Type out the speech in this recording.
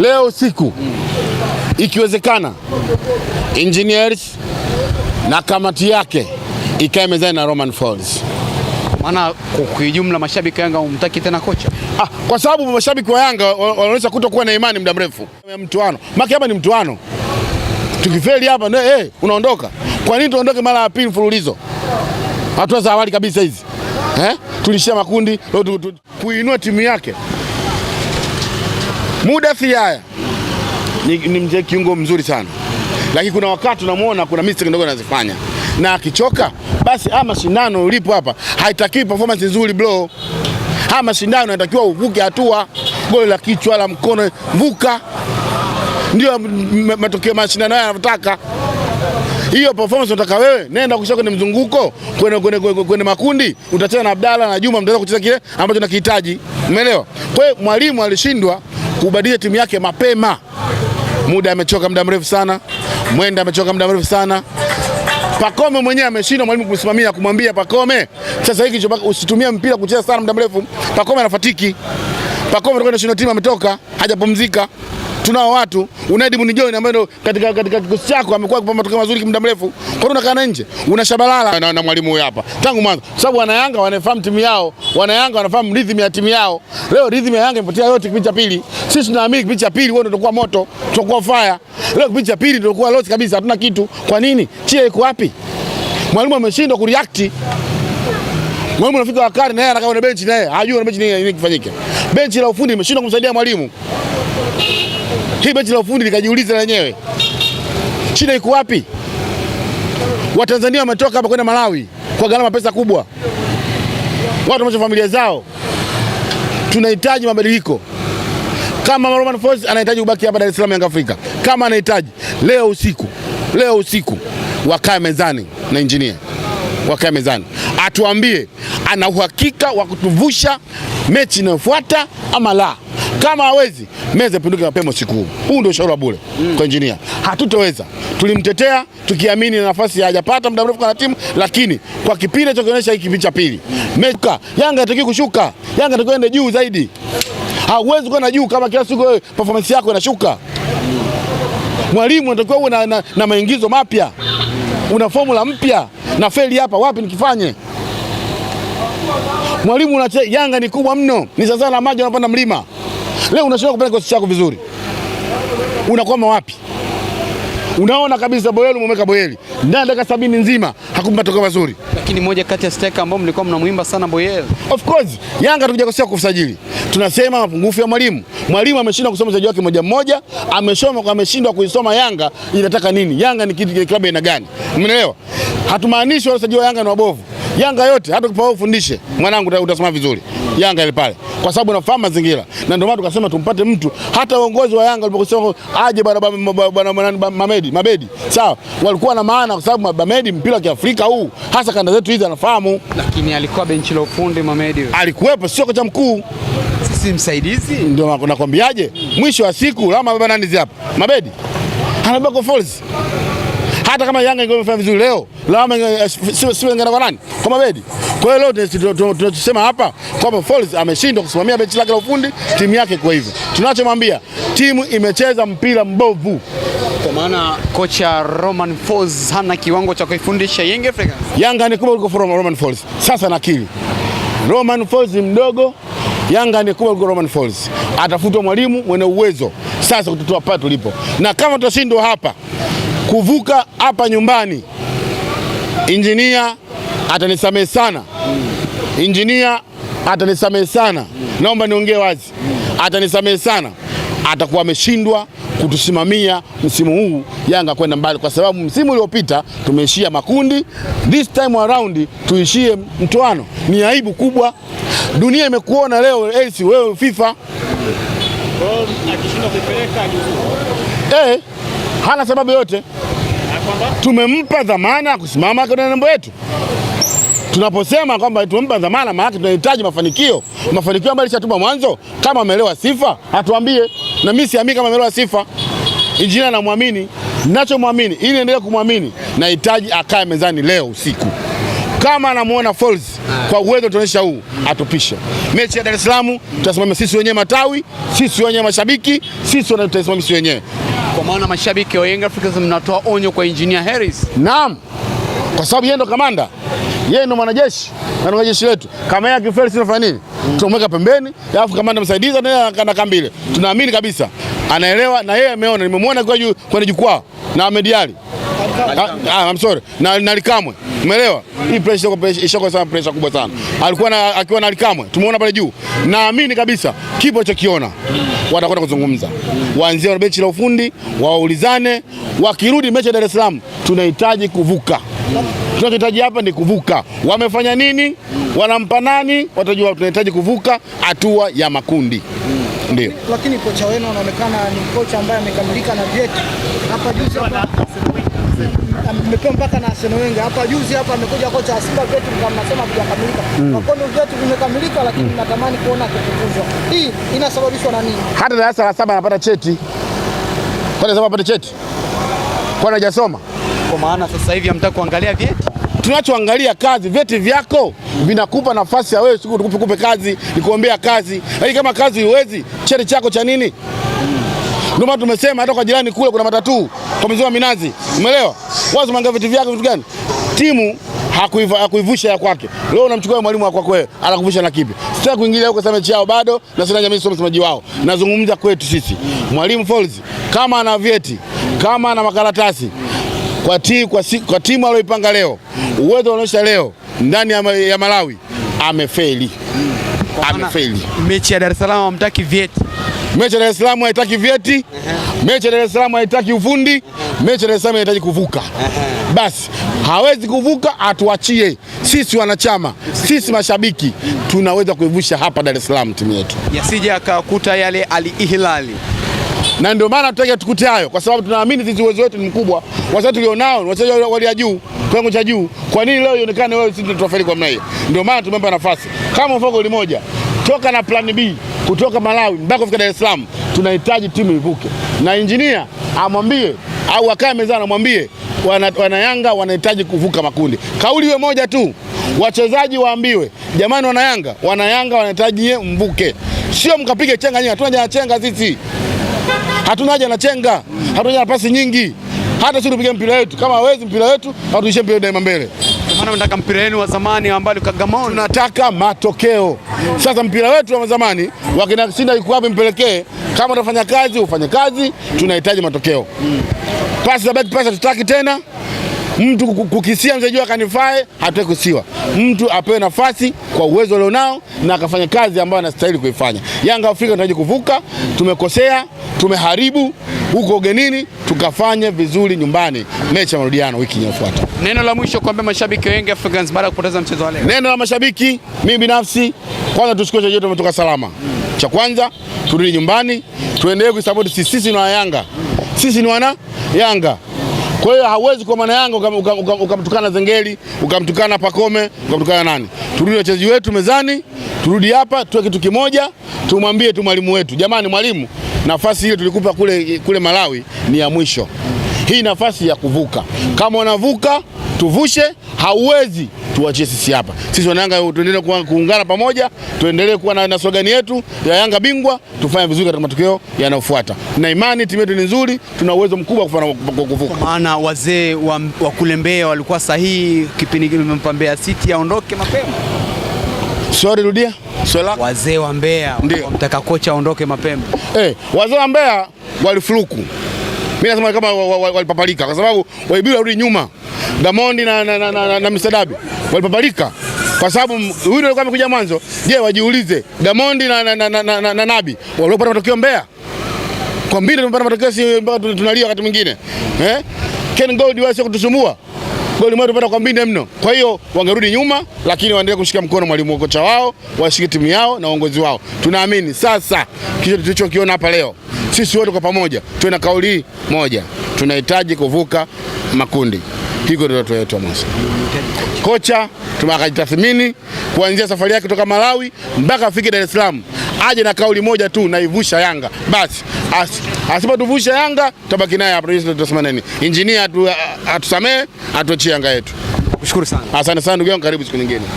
leo usiku, ikiwezekana engineers na kamati yake ikae mezani na Roman Falls. maana kwa ujumla mashabiki wa Yanga humtaki tena kocha ah, kwa sababu mashabiki wa Yanga wanaonyesha kutokuwa na imani muda mrefu. Mtuano maki hapa ni mtuano, tukifeli hapa ndio hey, eh, unaondoka. Kwa nini tuondoke mara ya pili mfululizo? hatua za awali kabisa hizi eh? Tulishia makundi kuinua timu yake muda si haya ni, ni mzee kiungo mzuri sana, lakini kuna wakati tunamuona kuna mistake ndogo anazifanya, na akichoka basi, ama shindano ulipo hapa haitaki performance nzuri bro. ama mashindano inatakiwa uvuke hatua, goli la kichwa la mkono, vuka, ndio matokeo mashindano haya yanataka hiyo performance unataka wewe, nenda kusha kwenye mzunguko kwenye makundi, utacheza na Abdalla na Juma, mtaweza kucheza kile ambacho nakihitaji, umeelewa? Kwa hiyo mwalimu alishindwa kubadilisha timu yake mapema. Muda amechoka muda mrefu sana, Mwenda amechoka muda mrefu sana. Pakome mwenyewe ameshindwa mwalimu kumsimamia kumwambia Pakome, sasa hiki cho usitumie mpira kucheza sana muda mrefu. Pakome anafatiki. Pakome anakwenda timu, ametoka hajapumzika tunao watu unaidi Munijoni ambaye katika katika kikosi chako amekuwa akipata matokeo mazuri muda mrefu. Kwa nini unakaa nje? Una shabalala na, na mwalimu huyu hapa tangu mwanzo, sababu wana Yanga wanafahamu timu yao, wana Yanga wanafahamu rhythm ya timu yao. Leo rhythm ya Yanga imepotea yote kipindi cha pili. Sisi tunaamini kipindi cha pili wewe ndio tutakuwa moto, tutakuwa fire. Leo kipindi cha pili ndio tutakuwa lost kabisa, hatuna kitu. Kwa nini? Chia iko wapi? Mwalimu ameshindwa kureact. Mwalimu anafika wakati na yeye anakaa na benchi naye, hajui na benchi nini kifanyike. Benchi la ufundi limeshindwa kumsaidia mwalimu hii benchi la ufundi likajiuliza lenyewe, shida iko wapi? Watanzania wametoka hapa kwenda Malawi kwa gharama pesa kubwa, watu wameacha familia zao. Tunahitaji mabadiliko. Kama Roman Folz anahitaji kubaki hapa Dar es Salaam, Yanga Afrika, kama anahitaji leo usiku, leo usiku wakae mezani na injinia, wakae mezani atuambie ana uhakika wa kutuvusha mechi inayofuata ama la. Kama hawezi meza ipinduke mapema siku huu. Huu ndio ushauri wa bure mm. kwa injinia. Hatutoweza, tulimtetea tukiamini na nafasi hajapata muda mrefu kana timu, lakini kwa kipindi cha kuonyesha hiki kipindi cha pili Mecha, Yanga inatakiwa kushuka, Yanga inatakiwa kwenda juu zaidi. Hauwezi kwenda juu kama kila siku wewe performance yako inashuka. Mwalimu anatakiwa uwe na, na, na maingizo mapya, una formula mpya. Na feli hapa wapi nikifanye? Mwalimu, Yanga ni kubwa mno, ni sasa na maji yanapanda mlima. Leo unashindwa kupanda kikosi chako vizuri, unakwama wapi? Unaona kabisa Boyeli umemweka Boyeli ndani dakika sabini nzima hakumpa matokeo mazuri, lakini moja kati ya striker ambao mlikuwa mnamuimba sana Boyeli. Of course Yanga tukuja kusajili, tunasema mapungufu ya mwalimu. Mwalimu ameshindwa kusoma mchezaji wake moja mmoja, ameshoma ameshindwa kuisoma Yanga inataka nini, Yanga ni kitu klabu aina gani, umeelewa? Hatumaanishi wale wachezaji wa Yanga ni wabovu. Yanga yote hata ufundishe mwanangu utasoma vizuri. Yanga ile pale, kwa sababu nafahamu mazingira, na ndio maana tukasema tumpate mtu. Hata uongozi wa Yanga walipokusema aje bwana Mamedi Mabedi, sawa, walikuwa na maana, kwa sababu Mamedi mpira wa Kiafrika huu, hasa kanda zetu hizi, anafahamu. Lakini alikuwa benchi la ufundi Mamedi, alikuwepo, sio kocha mkuu sisi msaidizi, ndio nakwambiaje. Mwisho wa siku lama baba nani hapa Mabedi anabako falls hata kama Yanga ingefanya vizuri leo, lawama sio ingana kwa nani? Kwa Mabedi. Kwa hiyo leo tunachosema hapa kwamba Folz ameshindwa kusimamia benchi lake la ufundi timu yake. Kwa hivyo tunachomwambia timu imecheza mpira mbovu, kwa maana kocha Roman Folz hana kiwango cha kuifundisha Yanga Africa. Yanga ni kubwa kuliko Roman Folz. Sasa nakili Roman Folz ni mdogo Yanga ni kubwa kuliko Roman Falls. Atafutwa mwalimu mwenye uwezo sasa kututoa pale tulipo, na kama tutashindwa hapa kuvuka hapa nyumbani. Injinia atanisamehe sana, injinia atanisamehe sana, naomba niongee wazi, atanisamehe sana. Atakuwa ameshindwa kutusimamia msimu huu Yanga kwenda mbali, kwa sababu msimu uliopita tumeishia makundi, this time around tuishie mtoano. Ni aibu kubwa, dunia imekuona leo esi wewe FIFA. Eh, hana sababu yote. Tumempa dhamana ya kusimama kwenye nembo yetu. Tunaposema kwamba tumempa dhamana, maana tunahitaji mafanikio, mafanikio ambayo alishatuma mwanzo. Kama ameelewa sifa atuambie, na mimi siamini kama ameelewa sifa. Injinia namwamini, ninachomwamini, ili niendelee kumwamini, nahitaji akae mezani leo usiku kama anamuona falls kwa uwezo tuonyesha huu atupisha mechi ya Dar es Salaam. Tutasimama sisi wenyewe matawi, sisi wenyewe mashabiki, sisi tutasimama sisi wenyewe. Kwa maana mashabiki wa Young Africans mnatoa onyo kwa Engineer Harris. Naam, kwa sababu yeye ndo kamanda, yeye ndo mwanajeshi na ndo jeshi letu. Kama yeye akifeli, sisi tunafanya nini? Mm. Tunamweka pembeni, alafu kamanda msaidizi naye ana kambi ile. Tunaamini kabisa anaelewa na yeye ameona, nimemwona kwa juu kwenye jukwaa na amediali Ah, ah, I'm sorry na, na Likamwe, umeelewa hii pressure ishoko sana, pressure kubwa sana alikuwa na, akiwa na Likamwe tumeona pale juu, naamini kabisa kipo cha kiona watakwenda kuzungumza, waanzie na benchi la ufundi waulizane, wakirudi mechi ya Dar es Salaam tunahitaji kuvuka tunachohitaji hapa ni kuvuka. Wamefanya nini? Wanampa nani? Watajua. Tunahitaji kuvuka hatua ya makundi ndio. Lakini kocha wenu anaonekana ni kocha ambaye amekamilika na vyeti hapa juzi hapa mmepewa mpaka na Arsenal Wenger. Hapa juzi hapa amekuja kocha wa Simba, vyetu mnasema vijakamilika, makondo mm. vyetu vimekamilika, lakini mm. natamani kuona kitukuzwa. Hii inasababishwa na nini? Hata darasa la saba anapata cheti, kwani sababu apate cheti, kwani hajasoma? Kwa maana sasa hivi hamtaki kuangalia vyeti tunachoangalia kazi. Vyeti vyako vinakupa nafasi ya wewe siku tukupe kazi, nikuombea kazi, lakini kama kazi huwezi, cheti chako cha nini? Mm. Ndio maana tumesema hata kwa jirani kule kuna matatu kwa wa minazi, umeelewa? Wazo manga vitu vyake vitu gani? Timu hakuivusha ya kwake. Leo unamchukua mwalimu wa kwako wewe, anakuvusha na kipi? Sitaki kuingilia huko sema chao bado, na sina jamii, sio msemaji wao. Nazungumza kwetu sisi. Mwalimu Falls kama ana vyeti, kama ana makaratasi kwa, ti, kwa, si, kwa timu aliyoipanga leo, uwezo unaonyesha leo ndani ya, ya Malawi amefeli, amefeli. Mechi ya Dar es Salaam amtaki vyeti Mechi ya Dar es Salaam haitaki vyeti, mechi ya Dar es Salaam haitaki ufundi, mechi ya Dar es Salaam inahitaji kuvuka. Basi hawezi kuvuka, atuachie sisi wanachama, sisi mashabiki, tunaweza kuivusha hapa Dar es Salaam timu yetu, yasije akakuta yale Al Hilal na ndio maana tutaki tukute hayo, kwa sababu tunaamini sisi uwezo wetu ni mkubwa. Wachezaji tulionao ni wachezaji walio juu, kiwango cha juu. Kwa nini leo ionekane wewe sisi tutafeli kwa mnaye? Ndio maana tumempa nafasi, kama ufunga goli moja, toka na plan B kutoka Malawi mpaka kufika Dar es Salaam, tunahitaji timu ivuke, na injinia amwambie au akae mezani amwambie wana, wana Yanga wanahitaji kuvuka makundi. Kauli iwe moja tu, wachezaji waambiwe, jamani, wana Yanga, wana Yanga wanahitaji mvuke, sio mkapige chenga nyinyi. Hatuna haja na chenga sisi, hatuna haja na chenga, hatuna haja na pasi nyingi. Hata sisi tupige mpira wetu, kama hawezi mpira wetu, hatuishie mpira daima mbele mnataka mpira wenu wa zamani ambao Kagamoyo, tunataka matokeo sasa. Mpira wetu wa zamani wakina Shinda iko wapi? Mpelekee kama utafanya kazi ufanye kazi, tunahitaji matokeo mm. Pasi za back pasi tutaki tena mtu kukisia mzee juu akanifae, hatutaki kusiwa. Mtu apewe nafasi kwa uwezo alionao na akafanya kazi ambayo anastahili kuifanya. Yanga Afrika tunataka kuvuka, tumekosea tumeharibu huko ugenini, tukafanye vizuri nyumbani, mechi ya marudiano wiki inayofuata. Neno la mwisho kwa mashabiki wengi Young Africans baada ya kupoteza mchezo wa leo. Neno la mashabiki, mimi binafsi, kwanza tusikie chaje, tumetoka salama. Cha kwanza turudi nyumbani, tuendelee kuisapoti sisi. Sisi ni wana Yanga, sisi ni wana Yanga. Kwa hiyo hauwezi kwa maana Yanga ukamtukana uka, uka, uka Zengeli ukamtukana Pakome ukamtukana nani. Turudi wachezaji wetu mezani, turudi hapa tuwe kitu kimoja, tumwambie tu mwalimu wetu, jamani, mwalimu nafasi ile tulikupa kule, kule Malawi ni ya mwisho. Hii nafasi ya kuvuka, kama wanavuka tuvushe, hauwezi tuachie sisi hapa. Sisi wanayanga tuendelee kuungana pamoja, tuendelee kuwa na, na slogani yetu ya Yanga bingwa, tufanye vizuri katika matokeo yanayofuata, na imani timu yetu ni nzuri, tuna uwezo mkubwa wa kuvuka. Maana wazee wa, wa kule Mbeya walikuwa sahihi kipindi kile, Mbeya City aondoke mapema Sorry, rudia swali lako. Wazee wa Mbeya wanamtaka kocha aondoke mapema. Hey, eh, wazee wa Mbeya walifuruku, mimi nasema kama walipapalika kwa sababu waibiwa rudi nyuma. Gamondi na, na, na, na, na na Dabi walipapalika kwa sababu huyu alikuwa amekuja mwanzo. Je, wajiulize Gamondi na, na, na, na, na, na Nabi waliopata matokeo Mbeya kwa mbili, tumepata matokeo si mpaka tunalia wakati mwingine eh? Ken Gold wasi kutusumbua goli moja tupata kwa mbinde mno. Kwa hiyo wangerudi nyuma, lakini waendelee kushika mkono mwalimu, kocha wao, washike timu yao na uongozi wao. Tunaamini sasa kile tulichokiona hapa leo, sisi wote kwa pamoja tuwe na kauli moja, tunahitaji kuvuka makundi. Hiko ndio ndoto yetu Kocha tumakajitathmini kuanzia safari yake kutoka Malawi mpaka afike Dar es Salaam aje na kauli moja tu, naivusha Yanga basi. Asipotuvusha Yanga tutabaki naye hapo, tutasema nini? Injinia atusamee, atuachie Yanga yetu. Kushukuru sana, asante sana ndugu yangu, karibu siku nyingine.